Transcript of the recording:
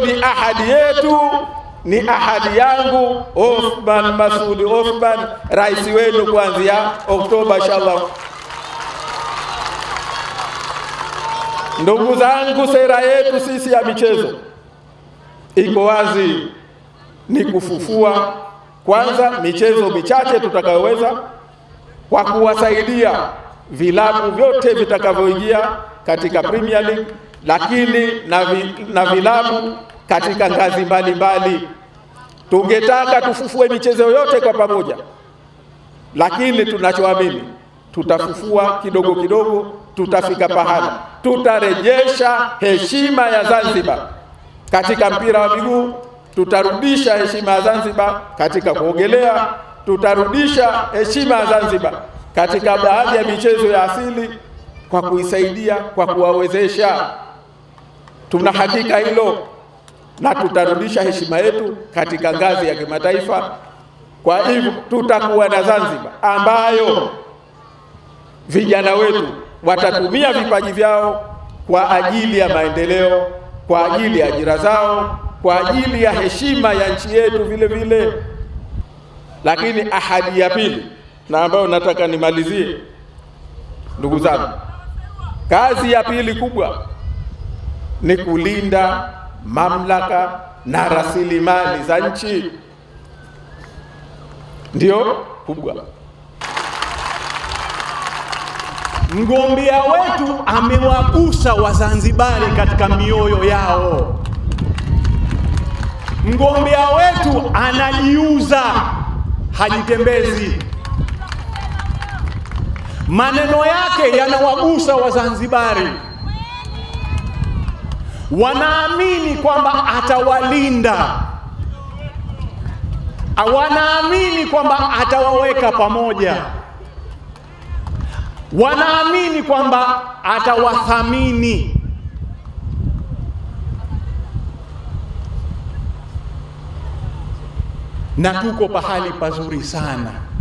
huyo ni ahadi yetu, ni ahadi yangu Othman Masoud Othman, rais wenu kuanzia Oktoba inshallah. Ndugu zangu, sera yetu sisi ya michezo iko wazi, ni kufufua kwanza michezo michache tutakayoweza kwa kuwasaidia vilabu vyote vitakavyoingia katika Premier League, lakini na, vi, na vilabu katika ngazi mbalimbali. Tungetaka tufufue michezo yote kwa pamoja, lakini tunachoamini tutafufua kidogo kidogo, tutafika pahala tutarejesha heshima ya Zanzibar katika mpira wa miguu, tutarudisha heshima ya Zanzibar katika kuogelea, tutarudisha heshima ya Zanzibar katika baadhi ya michezo ya asili kwa kuisaidia, kwa kuwawezesha. Tuna hakika hilo na tutarudisha heshima yetu katika ngazi ya kimataifa. Kwa hivyo tutakuwa na Zanzibar ambayo vijana wetu watatumia vipaji vyao kwa ajili ya maendeleo, kwa ajili ya ajira zao, kwa ajili ya heshima ya nchi yetu vile vile. Lakini ahadi ya pili na ambayo nataka nimalizie, ndugu zangu, kazi ya pili kubwa ni kulinda mamlaka na rasilimali za nchi ndio kubwa. Mgombea wetu amewagusa Wazanzibari katika mioyo yao. Mgombea wetu anajiuza, hajitembezi. Maneno yake yanawagusa Wazanzibari wanaamini kwamba atawalinda, wanaamini kwamba atawaweka pamoja, wanaamini kwamba atawathamini. Na tuko pahali pazuri sana.